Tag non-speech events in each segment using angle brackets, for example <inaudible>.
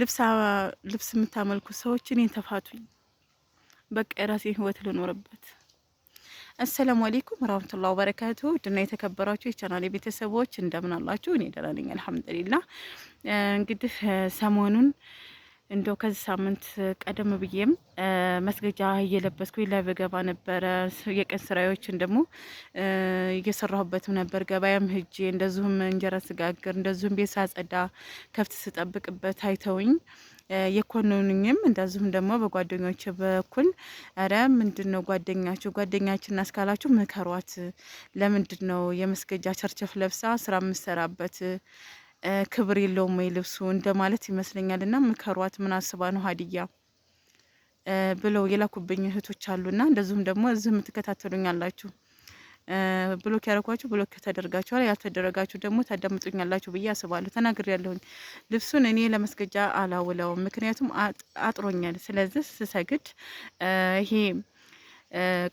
ልብስ የምታመልኩ ሰዎች እኔን ተፋቱኝ። በቃ የራሴ ህይወት ልኖርበት። አሰላሙ አሌይኩም ወራህመቱላሂ ወበረካቱ ድና የተከበራችሁ የቻናል ቤተሰቦች እንደምን አላችሁ? እኔ ደህና ነኝ አልሐምዱሊላህ። እንግዲህ ሰሞኑን እንደው ከዚህ ሳምንት ቀደም ብዬም መስገጃ እየለበስኩ ላይቭ ነበረ። የቀን ስራዎችን ደግሞ እየሰራሁበትም ነበር። ገበያም ህጄ እንደዚሁም እንጀራ ስጋግር፣ እንደዚሁም ቤት ሳጸዳ፣ ከብት ስጠብቅበት አይተውኝ የኮንኑኝም እንደዚሁም ደግሞ በጓደኞች በኩል ረ ምንድን ነው ጓደኛችሁ ጓደኛችን አስካላችሁ ምከሯት። ለምንድን ነው የመስገጃ ቸርቸፍ ለብሳ ስራ የምሰራበት ክብር የለውም ወይ ልብሱ እንደማለት ይመስለኛል። ና ምከሯት፣ ምን አስባ ነው ሀዲያ ብለው የላኩብኝ እህቶች ና እንደዚሁም ደግሞ እዚህ የምትከታተሉኝ አላችሁ ብሎክ ያደረኳችሁ ብሎክ ተደርጋችኋል፣ ያልተደረጋችሁ ደግሞ ታዳምጡኛላችሁ ብዬ አስባለሁ። ተናግሬ ያለሁኝ ልብሱን እኔ ለመስገጃ አላውለውም፣ ምክንያቱም አጥሮኛል። ስለዚህ ስሰግድ ይሄ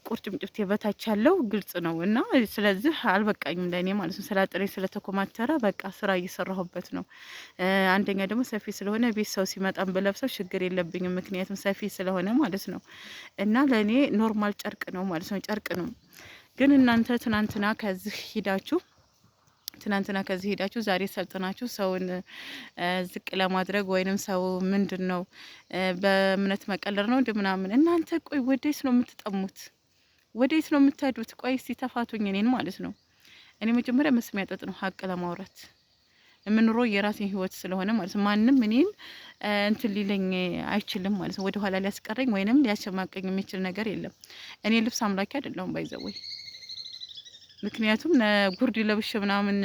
ቁርጭምጭምቴ በታች ያለው ግልጽ ነው እና ስለዚህ አልበቃኝም ለእኔ ማለት ነው። ስላጥሬ ስለተኮማተረ በቃ ስራ እየሰራሁበት ነው። አንደኛ ደግሞ ሰፊ ስለሆነ ቤት ሰው ሲመጣም ብለብሰው ችግር የለብኝም፣ ምክንያቱም ሰፊ ስለሆነ ማለት ነው። እና ለእኔ ኖርማል ጨርቅ ነው ማለት ነው። ጨርቅ ነው ግን እናንተ ትናንትና ከዚህ ሂዳችሁ ትናንትና ከዚህ ሄዳችሁ ዛሬ ሰልጥናችሁ ሰውን ዝቅ ለማድረግ ወይንም ሰው ምንድን ነው በእምነት መቀለር ነው እንደ ምናምን። እናንተ ቆይ ወዴት ነው የምትጠሙት? ወዴት ነው የምትሄዱት? ቆይ እስቲ ተፋቱኝ፣ እኔን ማለት ነው። እኔ መጀመሪያ መስሚያ ጠጥ ነው ሀቅ ለማውራት የምኖረው የራሴን ህይወት ስለሆነ ማለት ነው። ማንም እኔን እንትን ሊለኝ አይችልም ማለት ነው። ወደኋላ ሊያስቀረኝ ወይንም ሊያሸማቀኝ የሚችል ነገር የለም። እኔ ልብስ አምላኪ አይደለሁም ባይዘወይ ምክንያቱም ጉርድ ለብሽ ምናምን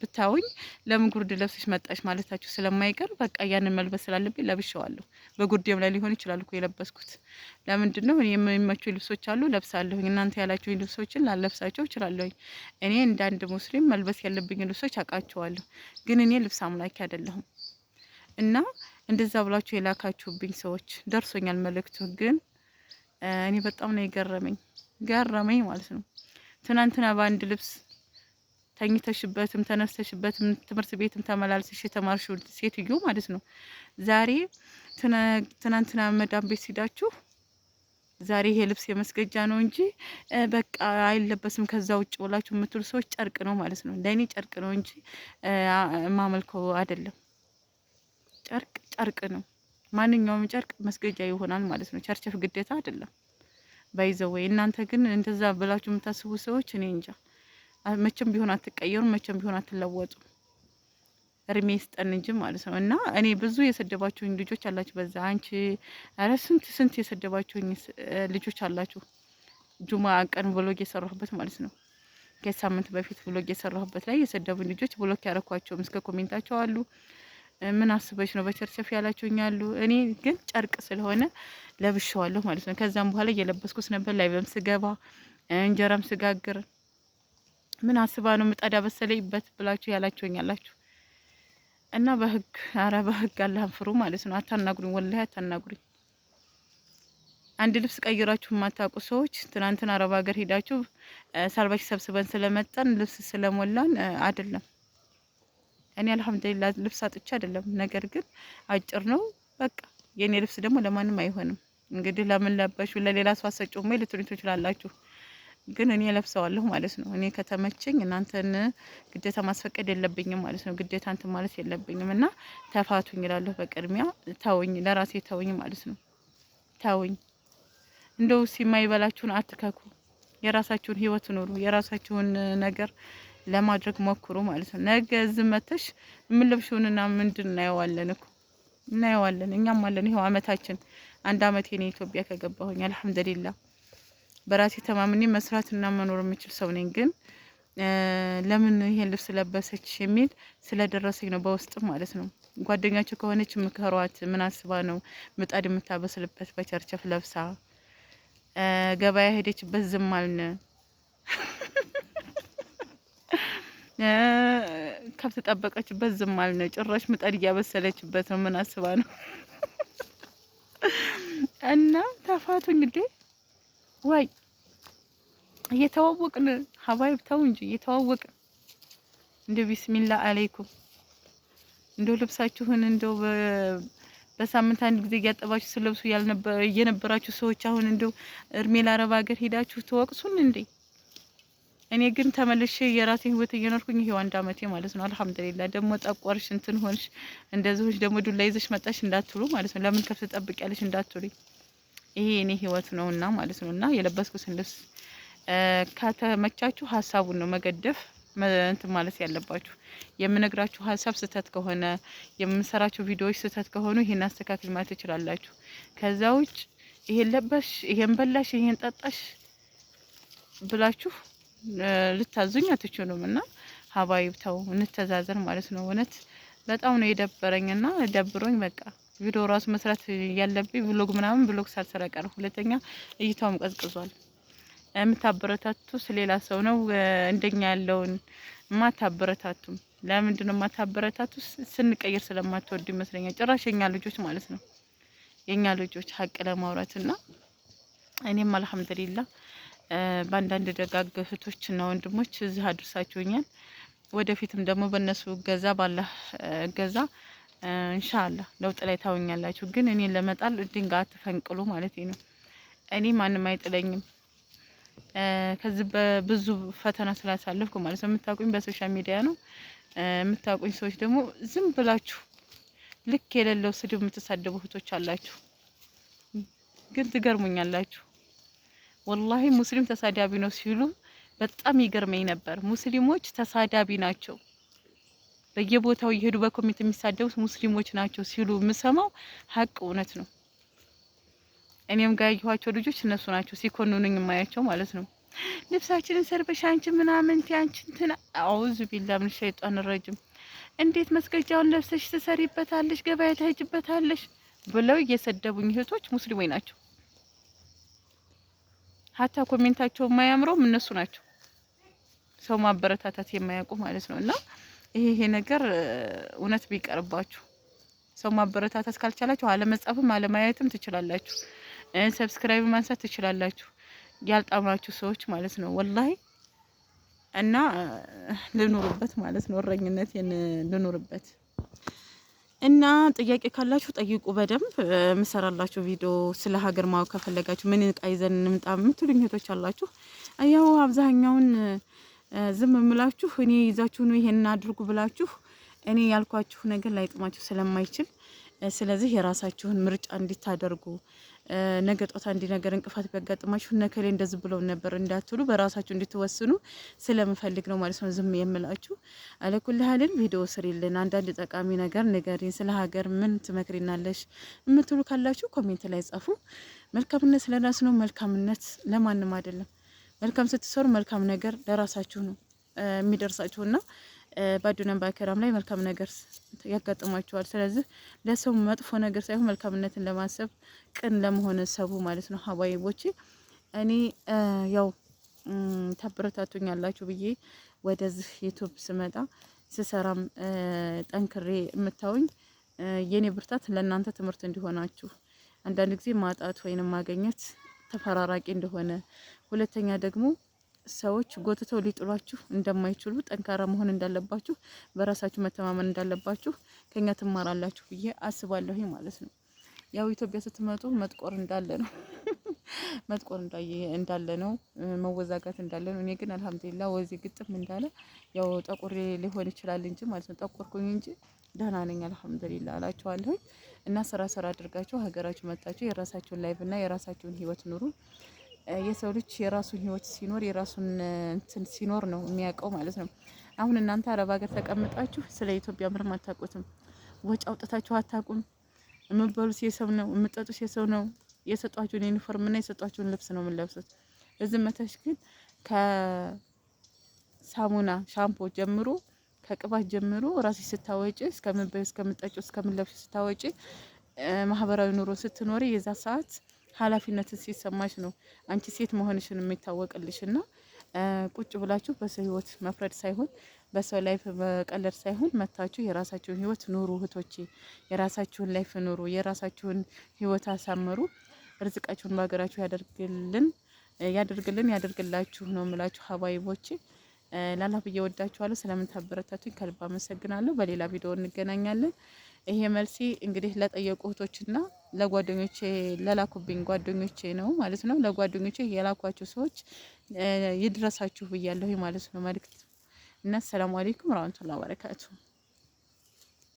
ብታውኝ ለምን ጉርድ ለብሰሽ መጣሽ ማለታችሁ ስለማይቀር በቃ ያንን መልበስ ስላለብኝ ለብሸዋለሁ በጉርዴም ላይ ሊሆን ይችላል እኮ የለበስኩት። ለምንድን ነው የሚመቹኝ ልብሶች አሉ ለብሳለሁ እናንተ ያላቸው ልብሶችን ላለብሳቸው እችላለሁኝ። እኔ እንደ አንድ ሙስሊም መልበስ ያለብኝ ልብሶች አውቃቸዋለሁ። ግን እኔ ልብስ አምላኪ አይደለሁም እና እንደዛ ብላችሁ የላካችሁብኝ ሰዎች ደርሶኛል መልእክቱ። ግን እኔ በጣም ነው የገረመኝ ገረመኝ ማለት ነው። ትናንትና በአንድ ልብስ ተኝተሽበትም ተነስተሽበትም ትምህርት ቤትም ተመላልሰሽ የተማርሽው ሴትዮ ማለት ነው። ዛሬ ትናንትና መዳም ቤት ሲዳችሁ ዛሬ ይሄ ልብስ የመስገጃ ነው እንጂ በቃ አይለበስም ከዛ ውጭ ብላችሁ የምትሉ ሰዎች ጨርቅ ነው ማለት ነው። ለእኔ ጨርቅ ነው እንጂ ማመልከ አይደለም። ጨርቅ ጨርቅ ነው። ማንኛውም ጨርቅ መስገጃ ይሆናል ማለት ነው። ቸርቸፍ ግዴታ አይደለም። ባይዘወይ እናንተ ግን እንደዛ ብላችሁ የምታስቡ ሰዎች እኔ እንጃ፣ መቼም ቢሆን አትቀየሩም፣ መቼም ቢሆን አትለወጡም። እድሜ ይስጠን እንጂ ማለት ነው። እና እኔ ብዙ የሰደባችሁኝ ልጆች አላችሁ፣ በዛ አንቺ፣ ኧረ ስንት ስንት የሰደባችሁኝ ልጆች አላችሁ። ጁማ ቀን ብሎግ የሰራሁበት ማለት ነው ከሳምንት በፊት ብሎግ የሰራሁበት ላይ የሰደቡኝ ልጆች ብሎክ ያረኳቸውም እስከ ኮሜንታቸው አሉ። ምን አስበሽ ነው በቸርቸፍ ያላችሁኝ አሉ። እኔ ግን ጨርቅ ስለሆነ ለብሸዋለሁ ማለት ነው። ከዛም በኋላ እየለበስኩት ነበር። ላይብም ስገባ እንጀራም ስጋግር ምን አስባ ነው ምጣዳ በሰለይበት ብላችሁ ያላችሁኝ ያላችሁ እና በህግ አረ በህግ አላህን ፍሩ ማለት ነው። አታናግሩኝ፣ ወላሂ አታናግሩኝ። አንድ ልብስ ቀይራችሁ የማታውቁ ሰዎች ትናንትና አረብ ሀገር ሄዳችሁ ሳልባሽ ሰብስበን ስለመጣን ልብስ ስለሞላን አይደለም። እኔ አልሐምዱሊላህ ልብስ አጥቼ አይደለም፣ ነገር ግን አጭር ነው። በቃ የኔ ልብስ ደግሞ ለማንም አይሆንም። እንግዲህ ለምን ለበሹ ለሌላ ሰው አሰጪው ሜ ልትሉ ትችላላችሁ፣ ግን እኔ ለብሰዋለሁ ማለት ነው። እኔ ከተመቸኝ እናንተን ግዴታ ማስፈቀድ የለብኝም ማለት ነው። ግዴታ እንትን ማለት የለብኝም እና ተፋቱኝ እላለሁ። በቅድሚያ ተውኝ፣ ለራሴ ተውኝ ማለት ነው። ተውኝ፣ እንደው የማይበላችሁን አትከኩ። የራሳችሁን ህይወት ኑሩ። የራሳችሁን ነገር ለማድረግ ሞክሩ ማለት ነው። ነገ እዚህ መተሽ የምንለብሽውንና ምንድን እናየዋለን እኮ እናየዋለን። እኛም አለን ይኸው አመታችን አንድ አመቴ እኔ ኢትዮጵያ ከገባሁኝ አልሐምዱሊላ በራሴ ተማምኔ መስራትና መኖር የምችል ሰው ነኝ። ግን ለምን ይሄን ልብስ ለበሰች የሚል ስለደረሰኝ ነው በውስጥ ማለት ነው። ጓደኛቸው ከሆነች ምከሯት። ምን አስባ ነው ምጣድ የምታበስልበት በቸርቸፍ ለብሳ ገበያ ሄደችበት ዝም አልን። ከብት ጠበቀችበት ዝም አልን። ጭራሽ ምጣድ እያበሰለችበት ነው። ምን አስባ ነው እና ታፋቱ እንግዲህ ወይ እየተዋወቅን ሀባይብ ተው እንጂ እየተዋወቅን እንደ ቢስሚላ አለይኩም እንደ ልብሳችሁን እንደ በሳምንት አንድ ጊዜ እያጠባችሁ ስለብሱ እየነበራችሁ ሰዎች አሁን እንደ እድሜ ለአረብ ሀገር ሄዳችሁ ተወቅሱን እንዴ እኔ ግን ተመልሼ የራሴን ህይወት እየኖርኩኝ ይሄው አንድ አመቴ ማለት ነው። አልሐምዱሊላ ደግሞ ጠቆርሽ እንትን ሆንሽ እንደዚህ ሆንሽ ደግሞ ዱላ ይዘሽ መጣሽ እንዳትሉ ማለት ነው። ለምን ከብት ትጠብቂያለሽ እንዳትሉኝ። ይሄ እኔ ህይወት ነውና ማለት ነውና የለበስኩትን ልብስ ከተመቻችሁ ሀሳቡን ነው መገደፍ እንትን ማለት ያለባችሁ። የምነግራችሁ ሀሳብ ስህተት ከሆነ የምንሰራቸው ቪዲዮዎች ስህተት ከሆኑ ይሄን አስተካክል ማለት ትችላላችሁ። ከዛ ውጭ ይሄን ለበሽ፣ ይሄን በላሽ፣ ይሄን ጠጣሽ ብላችሁ ልታዙኝ አትችሉም። እና ሀባይብ ተው ማለት ነው። እውነት በጣም ነው የደበረኝ እና ደብሮኝ በቃ ቪዲዮ ራሱ መስራት ያለብኝ ብሎግ ምናምን ብሎግ ሳልሰራ ቀረሁ። ሁለተኛ እይታውም ቀዝቅዟል። የምታበረታቱ ሌላ ሰው ነው እንደኛ ያለውን እማታበረታቱም ለምንድነው የማታበረታቱ? ማታበረታቱ? ስንቀይር ስለማትወዱ ይመስለኛል። ጭራሽ የኛ ልጆች ማለት ነው የኛ ልጆች ሀቅ ለማውራት እና እኔም አልሀምድሊላ በአንዳንድ ደጋግ እህቶችና ወንድሞች እዚህ አድርሳችሁኛል። ወደፊትም ደግሞ በእነሱ እገዛ ባላህ እገዛ እንሻአላ ለውጥ ላይ ታውኛላችሁ። ግን እኔን ለመጣል ድንጋይ አትፈንቅሉ ማለት ነው። እኔ ማንም አይጥለኝም። ከዚህ በብዙ ፈተና ስላሳለፍኩ ማለት ነው። የምታውቁኝ በሶሻል ሚዲያ ነው። የምታውቁኝ ሰዎች ደግሞ ዝም ብላችሁ ልክ የሌለው ስድብ የምትሳደቡ እህቶች አላችሁ። ግን ትገርሙኛላችሁ። ወላሂ ሙስሊም ተሳዳቢ ነው ሲሉ በጣም ይገርመኝ ነበር። ሙስሊሞች ተሳዳቢ ናቸው፣ በየቦታው እየሄዱ በኮሜንት የሚሳደቡት ሙስሊሞች ናቸው ሲሉ የምሰማው ሀቅ እውነት ነው። እኔም ጋር ያየኋቸው ልጆች እነሱ ናቸው ሲኮንኑኝ የማያቸው ማለት ነው። ልብሳችንን ሰርበሽ አንቺ ምናምን አንቺ እንትን አውዝ ቢላ ምን ሸይጣን ረጅም እንዴት መስገጃውን ለብሰሽ ትሰሪበታለሽ፣ ገበያ ትሄጅበታለሽ ብለው እየሰደቡኝ እህቶች ሙስሊሞች ናቸው። ሀታ ኮሜንታቸው የማያምረውም እነሱ ናቸው። ሰው ማበረታታት የማያውቁ ማለት ነው። እና ይሄ ይሄ ነገር እውነት ቢቀርባችሁ ሰው ማበረታታት ካልቻላችሁ አለመጻፍም አለማየትም ትችላላችሁ። ሰብስክራይብ ማንሳት ትችላላችሁ። ያልጣማችሁ ሰዎች ማለት ነው። ወላሂ እና ልኑርበት ማለት ነው። እረኝነት ልኑርበት። እና ጥያቄ ካላችሁ ጠይቁ። በደንብ የምሰራላችሁ ቪዲዮ ስለ ሀገር ማወቅ ከፈለጋችሁ ምን እቃ ይዘን እንምጣ የምትሉኝ እህቶች አላችሁ። ያው አብዛኛውን ዝም የምላችሁ እኔ ይዛችሁ ነው ይሄን አድርጉ ብላችሁ እኔ ያልኳችሁ ነገር ላይጥማችሁ ስለማይችል ስለዚህ የራሳችሁን ምርጫ እንዲታደርጉ ነገ ጦታ አንድ ነገር እንቅፋት ቢያጋጥማችሁ ነከሌ እንደዚህ ብለው ነበር እንዳትሉ በራሳችሁ እንድትወስኑ ስለምፈልግ ነው ማለት ነው ዝም የምላችሁ። አለኩልህልን ቪዲዮ ስሪልን፣ አንዳንድ ጠቃሚ ነገር ንገሪን፣ ስለ ሀገር ምን ትመክሪናለሽ የምትሉ ካላችሁ ኮሜንት ላይ ጻፉ። መልካምነት ስለራስ ነው፣ መልካምነት ለማንም አይደለም። መልካም ስትሰሩ መልካም ነገር ለራሳችሁ ነው የሚደርሳችሁና በአዱናም በአኬራም ላይ መልካም ነገር ያጋጥሟቸዋል። ስለዚህ ለሰው መጥፎ ነገር ሳይሆን መልካምነትን ለማሰብ ቅን ለመሆን ሰቡ ማለት ነው። ሀባይቦቼ እኔ ያው ተብረታቱኝ ያላችሁ ብዬ ወደዚህ ዩቱብ ስመጣ ስሰራም ጠንክሬ የምታውኝ የኔ ብርታት ለእናንተ ትምህርት እንዲሆናችሁ አንዳንድ ጊዜ ማጣት ወይንም ማገኘት ተፈራራቂ እንደሆነ ሁለተኛ ደግሞ ሰዎች ጎትተው ሊጥሏችሁ እንደማይችሉ ጠንካራ መሆን እንዳለባችሁ፣ በራሳችሁ መተማመን እንዳለባችሁ ከኛ ትማራላችሁ ብዬ አስባለሁ ማለት ነው። ያው ኢትዮጵያ ስትመጡ መጥቆር እንዳለ ነው <laughs> መጥቆር እንዳለ ነው፣ መወዛጋት እንዳለ ነው። እኔ ግን አልሐምዱሊላ ወዚህ ግጥም እንዳለ ያው ጠቁር ሊሆን ይችላል እንጂ ማለት ነው ጠቆርኩኝ እንጂ ደህና ነኝ አልሐምዱሊላ አላችኋለሁኝ። እና ስራ ስራ አድርጋችሁ ሀገራችሁ መጣችሁ የራሳችሁን ላይፍ እና የራሳችሁን ህይወት ኑሩ። የሰው ልጅ የራሱን ህይወት ሲኖር የራሱን እንትን ሲኖር ነው የሚያውቀው ማለት ነው። አሁን እናንተ አረብ ሀገር ተቀምጣችሁ ስለ ኢትዮጵያ ምንም አታውቁትም። ወጪ አውጥታችሁ አታውቁም። የምትበሉት የሰው ነው፣ የምትጠጡት የሰው ነው። የሰጧችሁን ዩኒፎርም እና የሰጧችሁን ልብስ ነው የምንለብሱት። እዚህ መተሽ ግን ከሳሙና ሻምፖ ጀምሮ ከቅባት ጀምሮ ራስሽ ስታወጪ እስከምበይ እስከምጠጪ እስከምለብሽ ስታወጪ ማህበራዊ ኑሮ ስትኖሪ የዛ ሰዓት ኃላፊነትን ሲሰማሽ ነው አንቺ ሴት መሆንሽን የሚታወቅልሽ እና ቁጭ ብላችሁ በሰው ህይወት መፍረድ ሳይሆን በሰው ላይፍ መቀለድ ሳይሆን መታችሁ የራሳችሁን ህይወት ኑሩ እህቶቼ። የራሳችሁን ላይፍ ኑሩ፣ የራሳችሁን ህይወት አሳምሩ። ርዝቃችሁን በሀገራችሁ ያደርግልን ያደርግልን ያደርግላችሁ ነው የምላችሁ ሀባይቦቼ። ላላህ ብዬ ወዳችኋለሁ። ስለምታበረታቱኝ ከልብ አመሰግናለሁ። በሌላ ቪዲዮ እንገናኛለን። ይሄ መልሲ እንግዲህ ለጠየቁ እህቶችና ለጓደኞቼ ለላኩብኝ ጓደኞቼ ነው ማለት ነው። ለጓደኞቼ የላኳቸው ሰዎች ይድረሳችሁ ብያለሁ ማለት ነው መልክት እና ሰላም አሌይኩም ረመቱላ በረካቱ